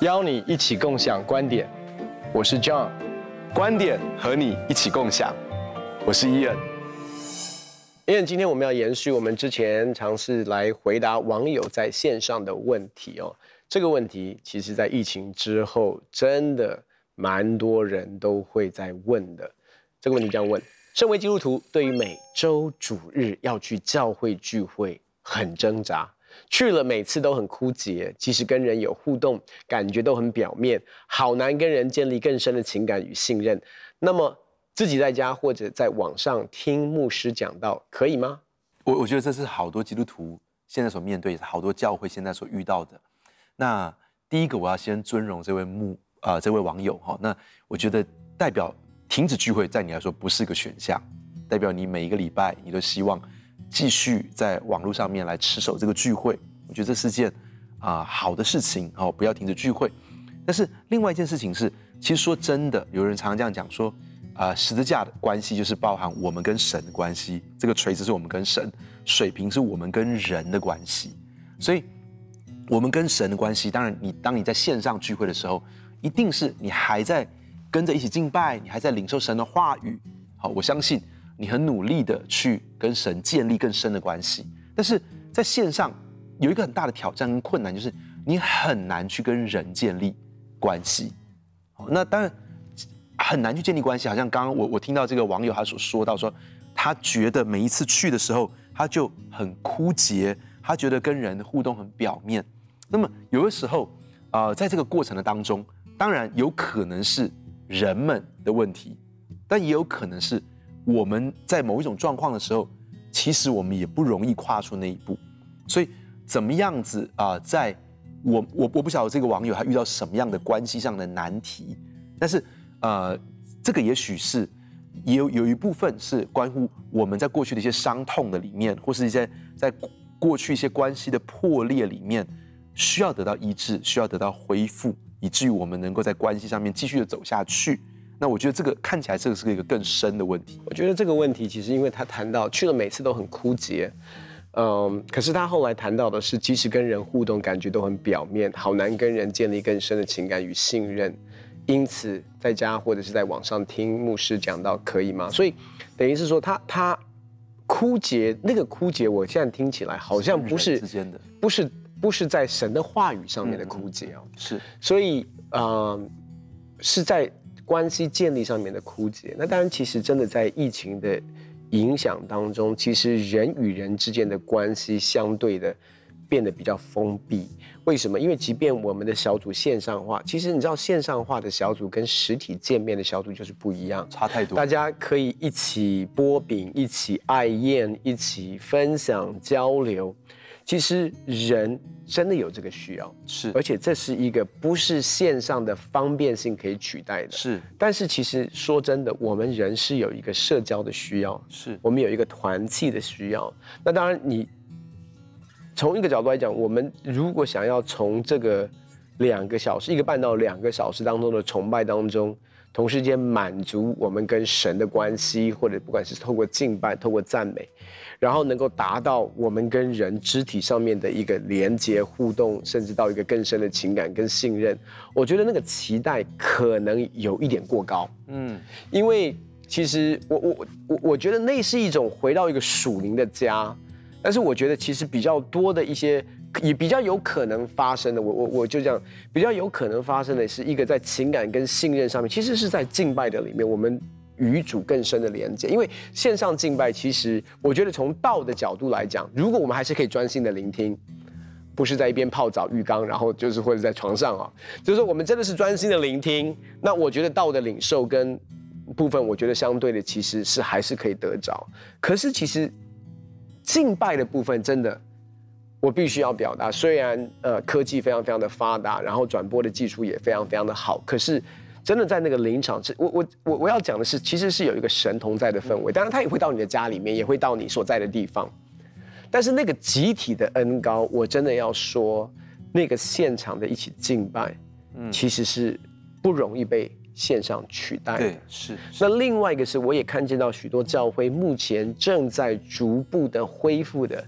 邀你一起共享觀點，我是 John，觀點和你一起共享，我是伊恩。伊恩，今天我們要延續我們之前嘗試來回答網友在線上的問題哦。這個問題其實在疫情之後，真的蠻多人都會在問的。這個問題這樣問。身為基督徒，對於每周主日要去教會聚會很掙扎，去了每次都很枯竭，即使跟人有互動，感覺都很表面，好難跟人建立更深的情感與信任。那麼自己在家或者在網上聽牧師講道可以嗎？我我覺得這是好多基督徒現在所面對，好多教會現在所遇到的。那第一個，我要先尊榮這位牧啊、呃，這位網友哈、哦，那我覺得代表。停止聚會，在你來說不是個選項，代表你每一個禮拜，你都希望繼續在網絡上面來持守這個聚會。我覺得這是件啊、呃、好的事情哦，不要停止聚會。但是另外一件事情是，其實說真的，有人常常這樣講說，啊、呃、十字架的關係就是包含我們跟神的關係，這個垂直是我們跟神，水平是我們跟人的關係。所以我們跟神的關係，當然你當你在線上聚會的時候，一定是你還在。跟着一起敬拜，你還在領受神的話語。好，我相信你很努力的去跟神建立更深的關係。但是在線上有一個很大的挑戰跟困難，就是你很難去跟人建立關係。好，那當然很難去建立關係。好像剛剛我我聽到這個網友他所說到說，說他覺得每一次去的時候他就很枯竭，他覺得跟人互動很表面。那麼有的時候啊、呃，在這個過程的當中，當然有可能是。人們的問題，但也有可能是我們在某一種狀況的時候，其實我們也不容易跨出那一步。所以，怎麼樣子啊、呃，在我我我不曉得這個網友他遇到什麼樣的關係上的難題，但是呃，這個也許是也有有一部分是關乎我們在過去的一些傷痛的裡面，或是一些在過去一些關係的破裂裡面，需要得到醫治，需要得到恢復。以至於我們能夠在關係上面繼續的走下去，那我覺得這個看起來這個是一個更深的問題。我覺得這個問題其實，因為他談到去了每次都很枯竭，嗯，可是他後來談到的是，即使跟人互動，感覺都很表面，好難跟人建立更深的情感與信任。因此，在家或者是在網上聽牧師講到，可以嗎？所以等於是說他，他他枯竭那個枯竭，我現在聽起來好像不是，是人之間的不是。不是在神的話語上面的枯竭哦，嗯、是，所以呃，是在關係建立上面的枯竭。那當然，其實真的在疫情的影響當中，其實人與人之間的關係相對的變得比較封閉。為什麼？因為即便我們的小組線上化，其實你知道線上化的小組跟實體見面的小組就是不一樣，差太多。大家可以一起擘餅，一起愛宴，一起分享、嗯、交流。其實人真的有這個需要，是，而且這是一個不是線上的方便性可以取代的，是。但是其實說真的，我們人是有一個社交的需要，是我們有一個團契的需要。那當然你，你從一個角度來講，我們如果想要從這個兩個小時一個半到兩個小時當中的崇拜當中。同時間滿足我們跟神的關係，或者不管是透過敬拜、透過讚美，然後能夠達到我們跟人肢體上面的一個連接、互動，甚至到一個更深的情感跟信任，我覺得那個期待可能有一點過高。嗯，因為其實我我我我覺得那是一種回到一個屬靈的家，但是我覺得其實比較多的一些。也比較有可能發生的，我我我就這樣比較有可能發生的，是一個在情感跟信任上面，其實是在敬拜的裡面，我們與主更深的連接。因為線上敬拜，其實我覺得從道的角度來講，如果我們還是可以專心的聆聽，不是在一邊泡澡浴缸，然後就是或者在床上啊，就是說我們真的是專心的聆聽，那我覺得道的領受跟部分，我覺得相對的其實是還是可以得着。可是其實敬拜的部分，真的。我必須要表達，雖然呃科技非常非常的發達，然後轉播的技術也非常非常的好，可是真的在那個臨場是我我我我要講的是，其實是有一個神同在的氛圍。嗯、當然，他也會到你的家裡面，也會到你所在的地方。但是那個集體的恩膏，我真的要說，那個現場的一起敬拜，嗯，其實是不容易被線上取代的。對，是。是那另外一個是，我也看見到許多教會目前正在逐步的恢復的，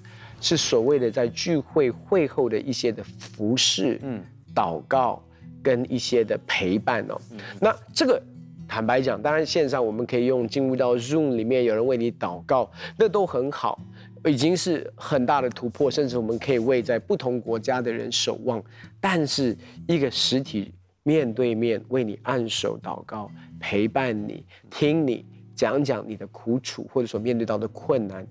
是所謂的在聚會會後的一些的服侍、嗯，禱告跟一些的陪伴哦。那這個坦白講，當然線上我們可以用進入到 Zoom 裡面有人為你禱告，那都很好，已經是很大的突破。甚至我們可以為在不同國家的人守望。但是一個實體面對面為你按手禱告、陪伴你、聽你講講你的苦楚或者說面對到的困難。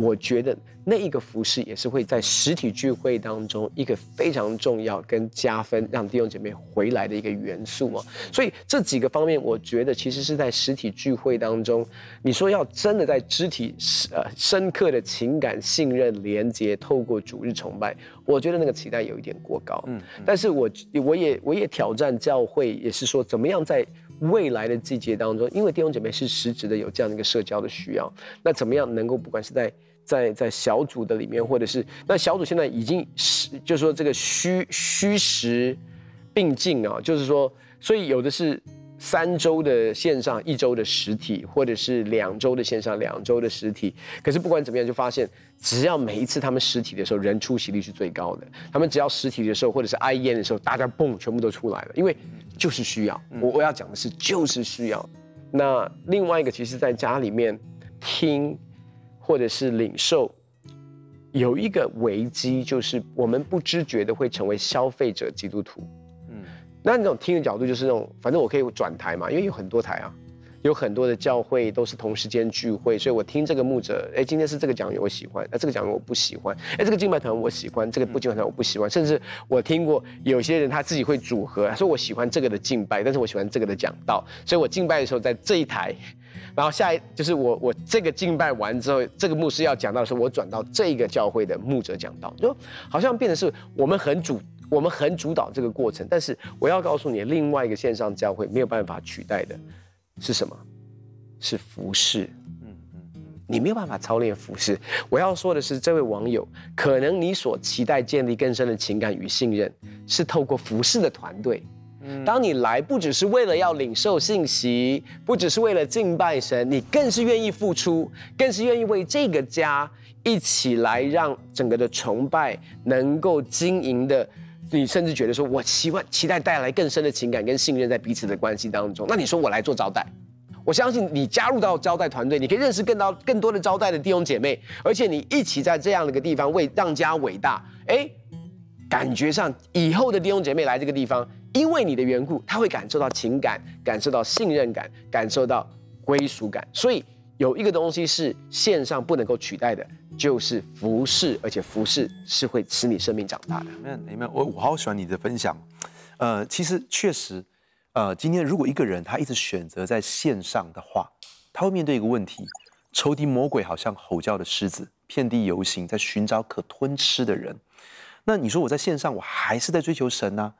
我覺得那一個服事也是會在實體聚會當中一個非常重要跟加分，讓弟兄姐妹回來的一個元素嘛。所以這幾個方面，我覺得其實是在實體聚會當中，你說要真的在肢體呃深刻的情感信任連接，透過主日崇拜，我覺得那個期待有一點過高。嗯，但是我我也我也挑戰教會，也是說怎麼樣在未來的季節當中，因為弟兄姐妹是實質的有這樣的一個社交的需要，那怎麼樣能夠不管是在在在小組的裡面，或者是那小組現在已經實，就是、就是說這個虛虛實並進啊，就是說，所以有的是三周的線上，一周的實體，或者是兩周的線上，兩周的實體。可是不管怎麼樣，就發現只要每一次他們實體的時候，人出席率是最高的。他們只要實體的時候，或者是 IN 的時候，大家嘣全部都出來了，因為就是需要。我我要講的是，就是需要。嗯、那另外一個，其實在家裡面聽。或者是領受有一個危機，就是我們不知覺的會成為消費者基督徒。嗯，那那種聽的角度就是那種，反正我可以轉台嘛，因為有很多台啊，有很多的教會都是同時間聚會，所以我聽這個牧者，哎，今天是這個講員我喜歡，那這個講員我不喜歡，哎，這個敬拜團我喜歡，這個不敬拜團我不喜歡，甚至我聽過有些人他自己會組合，他說，我喜歡這個的敬拜，但是我喜歡這個的講道，所以我敬拜的時候在這一台。然後下一就是我我這個敬拜完之後，這個牧師要講到的時候，我轉到這個教會的牧者講道，就好像變成是我們很主我們很主導這個過程。但是我要告訴你，另外一個線上教會沒有辦法取代的是什麼？是服侍。嗯嗯，你沒有辦法操練服侍，我要說的是，這位網友，可能你所期待建立更深的情感與信任，是透過服侍的團隊。當你來，不只是為了要領受信息，不只是為了敬拜神，你更是願意付出，更是願意為這個家一起來讓整個的崇拜能夠經營的。你甚至覺得說，我希望期待帶來更深的情感跟信任在彼此的關係當中。那你說我來做招待，我相信你加入到招待團隊，你可以認識更多更多的招待的弟兄姐妹，而且你一起在這樣的一個地方為讓家偉大，誒感覺上，以後的弟兄姐妹來這個地方，因為你的緣故，他會感受到情感，感受到信任感，感受到歸屬感。所以，有一個東西是線上不能夠取代的，就是服侍，而且服侍是會使你生命長大的。沒有，沒有，我好喜歡你的分享。呃，其實確實，呃，今天如果一個人他一直選擇在線上的話，他會面對一個問題：仇敵魔鬼好像吼叫的獅子，遍地遊行，在尋找可吞吃的人。那你說我在線上，我還是在追求神呢、啊？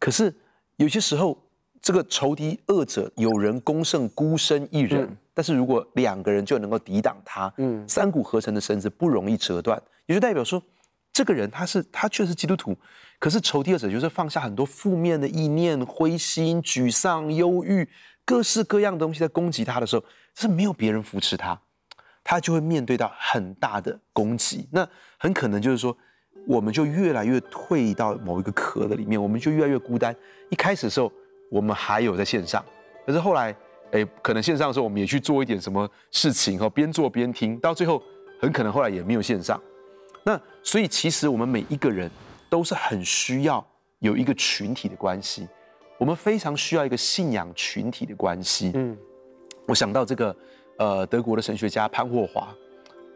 可是有些時候，這個仇敵惡者有人攻勝孤身一人，嗯、但是如果兩個人就能夠抵擋他，嗯，三股合成的繩子不容易折斷，也就代表說，這個人他是他確實基督徒，可是仇敵惡者就是放下很多負面的意念、灰心、沮喪、憂鬱，各式各樣的東西在攻擊他的時候，但是沒有別人扶持他，他就會面對到很大的攻擊，那很可能就是說。我們就越來越退到某一個殼的裡面，我們就越來越孤單。一開始的時候，我們還有在線上，可是後來，哎、欸，可能線上的時候我們也去做一點什麼事情，哈，邊做邊聽，到最後，很可能後來也沒有線上。那所以其實我們每一個人都是很需要有一個群體的關係，我們非常需要一個信仰群體的關係。嗯，我想到這個，呃，德國的神學家潘霍華，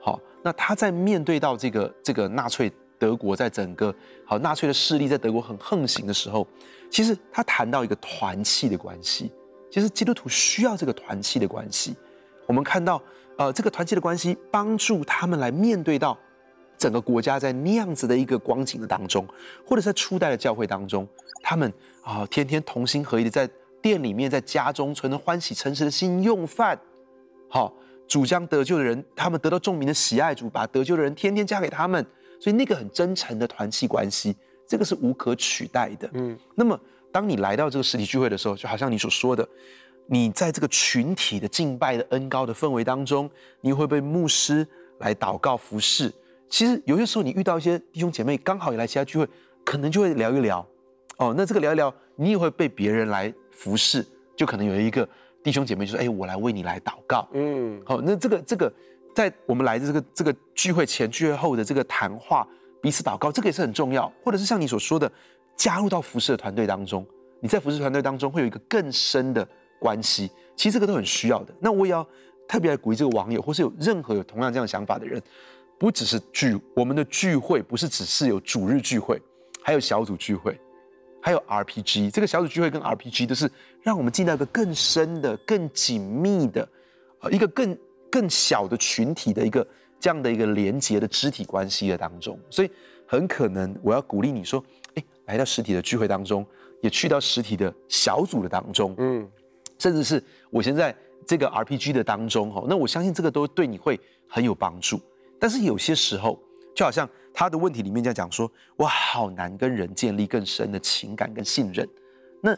好，那他在面對到這個這個納粹。德國在整個好，納粹的勢力在德國很橫行的時候，其實他談到一個團契的關係，其實基督徒需要這個團契的關係。我們看到，呃，這個團契的關係幫助他們來面對到整個國家在那樣子的一個光景的當中，或者在初代的教會當中，他們啊、哦、天天同心合意的在殿裡面、在家中存着歡喜誠實的心用飯。好、哦，主將得救的人，他們得到眾民的喜愛主，主把得救的人天天加給他們。所以那個很真誠的團契關係，這個是無可取代的。嗯，那麼當你來到這個實體聚會的時候，就好像你所說的，你在這個群體的敬拜的恩膏的氛圍當中，你會被牧師來禱告服侍。其實有些時候你遇到一些弟兄姐妹剛好也來其他聚會，可能就會聊一聊。哦，那這個聊一聊，你也會被別人來服侍，就可能有一個弟兄姐妹就說、是：“哎，我來為你來禱告。”嗯，好、哦，那這個這個。在我們來的這個這個聚會前、聚會後的這個談話，彼此禱告，這個也是很重要。或者是像你所說的，加入到服事的團隊當中，你在服事團隊當中會有一個更深的關係。其實這個都很需要的。那我也要特別來鼓勵這個網友，或是有任何有同樣這樣的想法的人，不只是聚我們的聚會，不是只是有主日聚會，還有小組聚會，還有 RPG。這個小組聚會跟 RPG 都是讓我們進到一個更深的、更緊密的，呃，一個更。更小的群體的一個這樣的一個連接的肢體關係的當中，所以很可能我要鼓勵你說，哎，來到實體的聚會當中，也去到實體的小組的當中，嗯，甚至是我現在這個 RPG 的當中，那我相信這個都對你會很有幫助。但是有些時候，就好像他的問題裡面在講說，我好難跟人建立更深的情感跟信任，那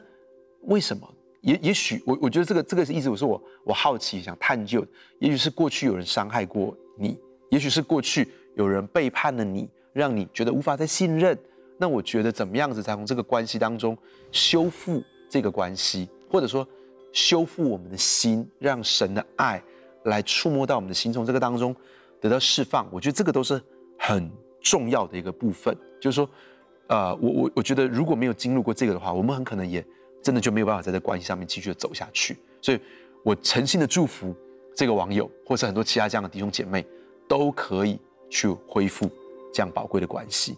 為什麼？也也許我我覺得這個這個是意思是我，我說我我好奇想探究，也許是過去有人傷害過你，也許是過去有人背叛了你，讓你覺得無法再信任。那我覺得怎麼樣子才從這個關係當中修復這個關係，或者說修復我們的心，讓神的愛來觸摸到我們的心，從這個當中得到釋放。我覺得這個都是很重要的一個部分，就是說，呃，我我我覺得如果沒有經歷過這個的話，我們很可能也。真的就沒有辦法在這關係上面繼續的走下去，所以，我誠心的祝福這個網友，或是很多其他這樣的弟兄姐妹，都可以去恢復這樣寶貴的關係。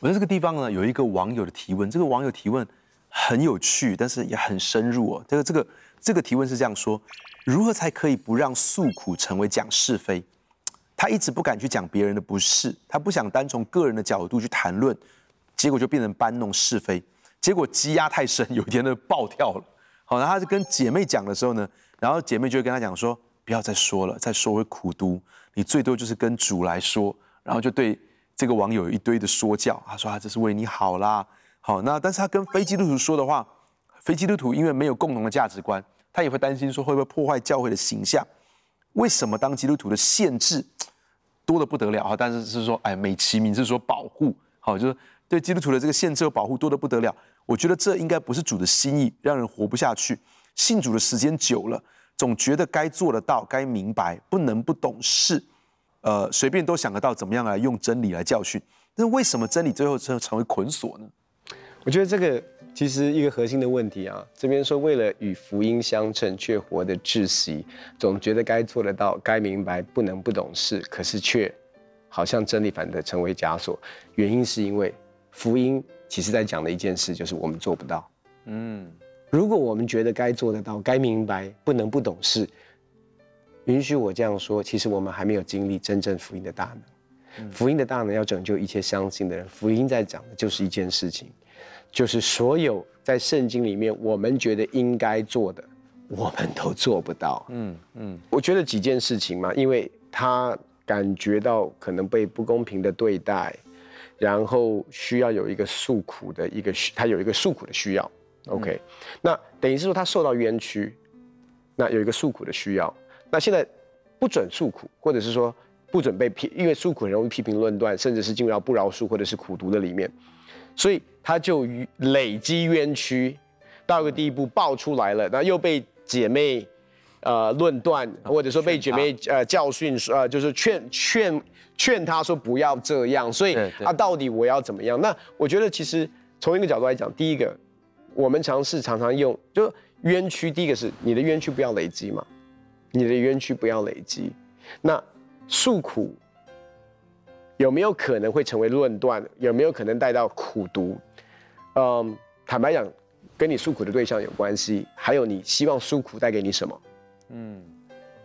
我在這個地方呢，有一個網友的提問，這個網友提問很有趣，但是也很深入哦。這個這個這個提問是這樣說：如何才可以不讓訴苦成為講是非？他一直不敢去講別人的不是，他不想單從個人的角度去談論。結果就變成搬弄是非，結果積壓太深，有一天就爆跳了。好，然後他就跟姐妹講的時候呢，然後姐妹就會跟他講說：“不要再說了，再說會苦毒。你最多就是跟主來說。”然後就對這個網友一堆的說教，他說：“啊，這是為你好啦。”好，那但是他跟非基督徒說的話，非基督徒因為沒有共同的價值觀，他也會擔心說會不會破壞教會的形象？為什麼當基督徒的限制多得不得了？哈，但是是說，哎，美其名是說保護，好，就是。對基督徒的這個限制和保護多得不得了，我覺得這應該不是主的心意，讓人活不下去。信主的時間久了，總覺得該做得到，該明白，不能不懂事，呃，隨便都想得到怎麼樣來用真理來教訓。那為什麼真理最後成成為捆鎖呢？我覺得這個其實一個核心的問題啊，這邊說為了與福音相稱，卻活得窒息，總覺得該做得到，該明白，不能不懂事，可是卻好像真理反倒成為枷鎖，原因是因為。福音其實在講的一件事，就是我們做不到。嗯，如果我們覺得該做得到、該明白、不能不懂事，允許我這樣說，其實我們還沒有經歷真正福音的大能。福音的大能要拯救一切相信的人。福音在講的就是一件事情，就是所有在聖經裡面我們覺得應該做的，我們都做不到。嗯嗯，我覺得幾件事情嘛，因為他感覺到可能被不公平的對待。然後需要有一個訴苦的一個，他有一個訴苦的需要、嗯、，OK，那等於是說他受到冤屈，那有一個訴苦的需要，那現在不准訴苦，或者是說不准被批，因為訴苦很容易批評論斷，甚至是進入到不饒恕或者是苦毒的裡面，所以他就累積冤屈，到個地步爆出來了，那又被姐妹。呃，論斷或者說被姐妹、啊、呃教訓，呃，就是勸勸勸他說不要這樣。所以啊，到底我要怎麼樣？那我覺得其實從一個角度來講，第一個，我們嘗試常常用就冤屈，第一個是你的冤屈不要累積嘛，你的冤屈不要累積。那訴苦有沒有可能會成為論斷？有沒有可能帶到苦毒？嗯，坦白講，跟你訴苦的對象有關係，還有你希望訴苦帶給你什麼？嗯，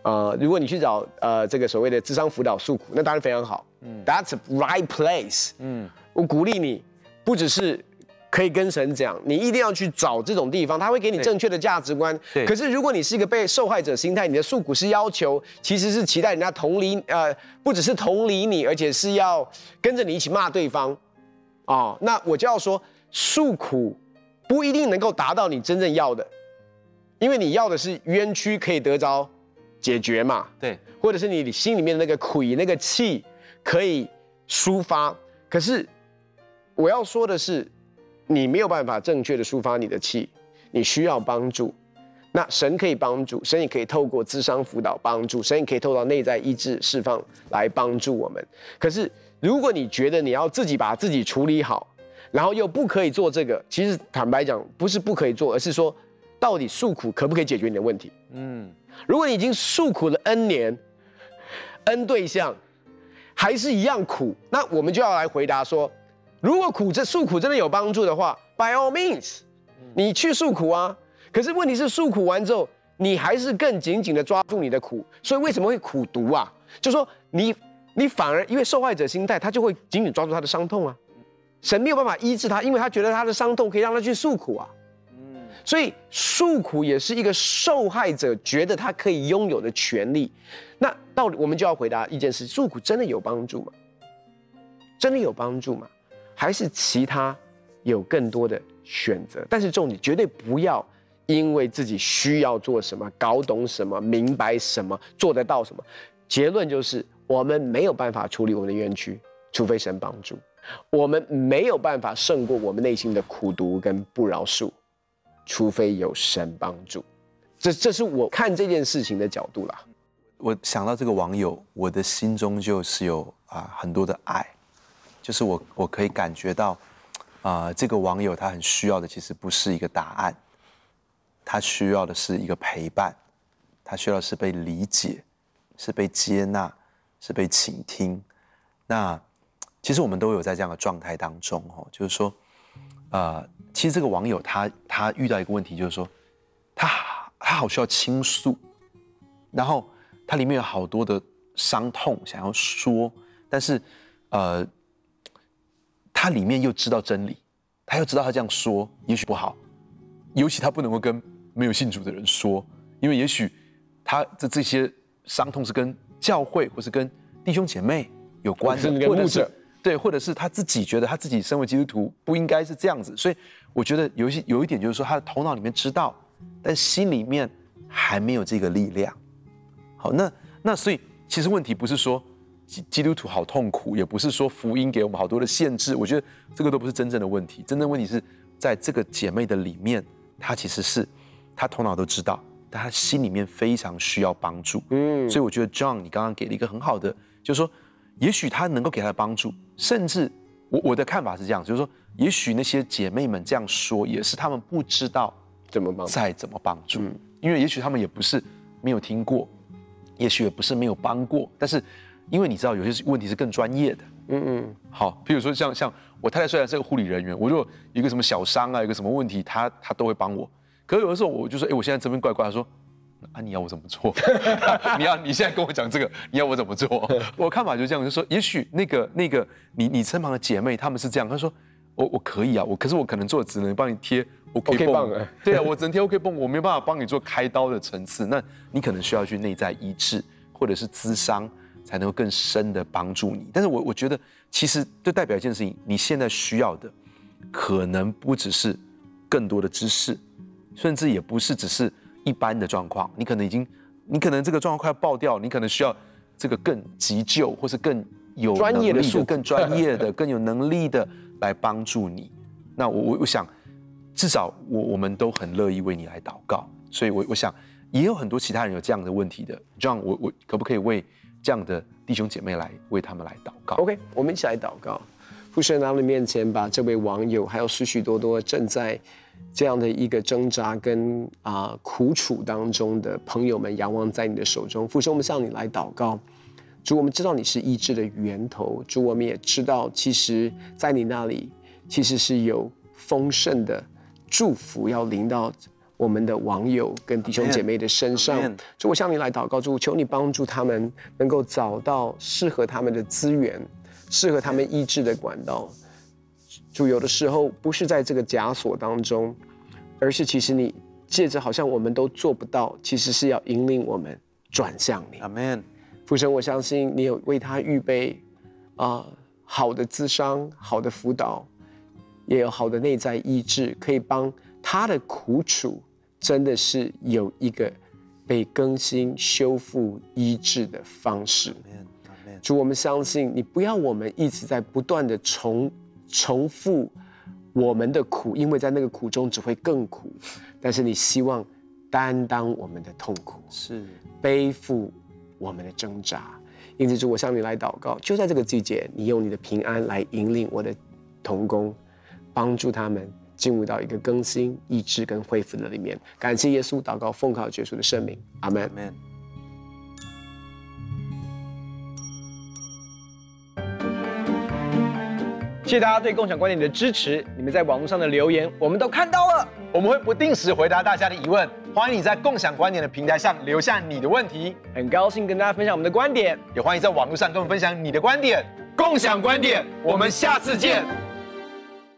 呃，如果你去找呃這個所謂的諮商輔導、訴苦，那當然非常好。嗯，That's a right place。嗯，我鼓勵你，不只是可以跟神講，你一定要去找這種地方，他會給你正確的價值觀。對。可是如果你是一個被受害者心態，你的訴苦是要求，其實是期待人家同理，呃，不只是同理你，而且是要跟着你一起罵對方。啊、哦，那我就要說，訴苦不一定能夠達到你真正要的。因為你要的是冤屈可以得着解決嘛，對，或者是你心裡面的那個苦，那個氣可以抒發。可是我要說的是，你沒有辦法正確的抒發你的氣，你需要幫助。那神可以幫助，神也可以透過諮商輔導幫助，神也可以透過內在醫治釋放來幫助我們。可是如果你覺得你要自己把自己處理好，然後又不可以做這個，其實坦白講，不是不可以做，而是說。到底訴苦可不可以解決你的問題？嗯，如果你已經訴苦了 N 年，N 對象還是一樣苦，那我們就要來回答說，如果苦這訴苦真的有幫助的話，By all means，你去訴苦啊。可是問題是訴苦完之後，你還是更緊緊的抓住你的苦，所以為什麼會苦毒啊？就說你你反而因為受害者心態，他就會緊緊抓住他的傷痛啊。神沒有辦法醫治他，因為他覺得他的傷痛可以讓他去訴苦啊。所以訴苦也是一個受害者覺得他可以擁有的權利。那到底我們就要回答一件事：訴苦真的有幫助嗎？真的有幫助嗎？還是其他有更多的選擇？但是重點絕對不要因為自己需要做什麼、搞懂什麼、明白什麼、做得到什麼。結論就是，我們沒有辦法處理我們的冤屈，除非神幫助；我們沒有辦法勝過我們內心的苦毒跟不饒恕。除非有神幫助，這這是我看這件事情的角度啦。我想到這個網友，我的心中就是有啊、呃、很多的愛，就是我我可以感覺到，啊、呃、這個網友他很需要的其實不是一個答案，他需要的是一個陪伴，他需要的是被理解，是被接納，是被傾聽。那其實我們都有在這樣的狀態當中哦，就是說。呃，其實這個網友他他遇到一個問題，就是說他他好需要傾訴，然後他裡面有好多的傷痛想要說，但是呃，他裡面又知道真理，他又知道他這樣說也許不好，尤其他不能夠跟沒有信主的人說，因為也許他的這些傷痛是跟教會或是跟弟兄姐妹有關的，不者或者是。對，或者是他自己覺得他自己身為基督徒不應該是這樣子，所以我覺得有一些有一點就是說他的頭腦裡面知道，但心裡面還沒有這個力量。好，那那所以其實問題不是說基，基督徒好痛苦，也不是說福音給我們好多的限制，我覺得這個都不是真正的問題。真正的問題是在這個姐妹的裡面，她其實是她頭腦都知道，但她心裡面非常需要幫助。嗯，所以我覺得 John，你剛剛給了一個很好的，就是說也許他能夠給她幫助。甚至，我我的看法是這樣，就是說，也許那些姐妹們這樣說，也是他們不知道怎麼幫，再怎麼幫助，嗯、因為也許他們也不是沒有聽過，也許也不是沒有幫過，但是因為你知道，有些問題是更專業的，嗯嗯，好，譬如說像像我太太雖然是個護理人員，我如果一個什麼小傷啊，有一個什麼問題，她她都會幫我，可有的時候我就說，哎、欸，我現在這邊怪怪的，她說。啊！你要我怎麼做？ 啊、你要、啊、你現在跟我講這個？你要我怎麼做？ 我看法就這樣，我就說也許那個那個你你身旁的姐妹她們是這樣，她說我我可以啊，我可是我可能做只能幫你貼 OK 繃，OK 棒 對啊，我只能貼 OK 繃，我沒有辦法幫你做開刀的層次。那你可能需要去內在醫治或者是諮商，才能夠更深的幫助你。但是我我覺得其實就代表一件事情，你現在需要的可能不只是更多的知識，甚至也不是只是，一般的狀況，你可能已經，你可能這個狀況快要爆掉，你可能需要這個更急救或是更有專業的、更專業的、 更有能力的來幫助你。那我我我想，至少我我們都很樂意為你來禱告。所以我，我我想也有很多其他人有這樣的問題的。John，我我可不可以為這樣的弟兄姐妹來為他們來禱告？OK，我們一起來禱告。父神來到你面前，把這位網友還有許許多多正在。這樣的一個掙扎跟啊、呃、苦楚當中的朋友們，仰望在你的手中。父神，我們向你來禱告，主，我們知道你是醫治的源頭。主，我們也知道，其實，在你那裡，其實是有豐盛的祝福要臨到我們的網友跟弟兄姐妹的身上。主，我向你來禱告，主，我求你幫助他們能夠找到適合他們的資源，適合他們醫治的管道。主，有的時候不是在這個枷鎖當中，而是其實你借着好像我們都做不到，其實是要引領我們轉向你。阿門 Amen.。父神，我相信你有為他預備啊、呃、好的諮商、好的輔導，也有好的內在醫治，可以幫他的苦楚，真的是有一個被更新、修復、醫治的方式。阿 Amen. Amen. 主，我們相信你，不要我們一直在不斷的重。重複我們的苦，因為在那個苦中只會更苦。但是你希望擔當我們的痛苦，是背負我們的掙扎。因此主，主我向你來禱告，就在這個季節，你用你的平安來引領我的同工，幫助他們進入到一個更新、醫治跟恢復的裡面。感謝耶穌，禱告奉靠耶穌的聖名，阿們。阿謝謝大家對共享觀點的支持，你們在網絡上的留言我們都看到了，我們會不定時回答大家的疑問。歡迎你在共享觀點的平台上留下你的問題，很高興跟大家分享我們的觀點，也歡迎在網絡上跟我們分享你的觀點。共享觀點，我們下次見。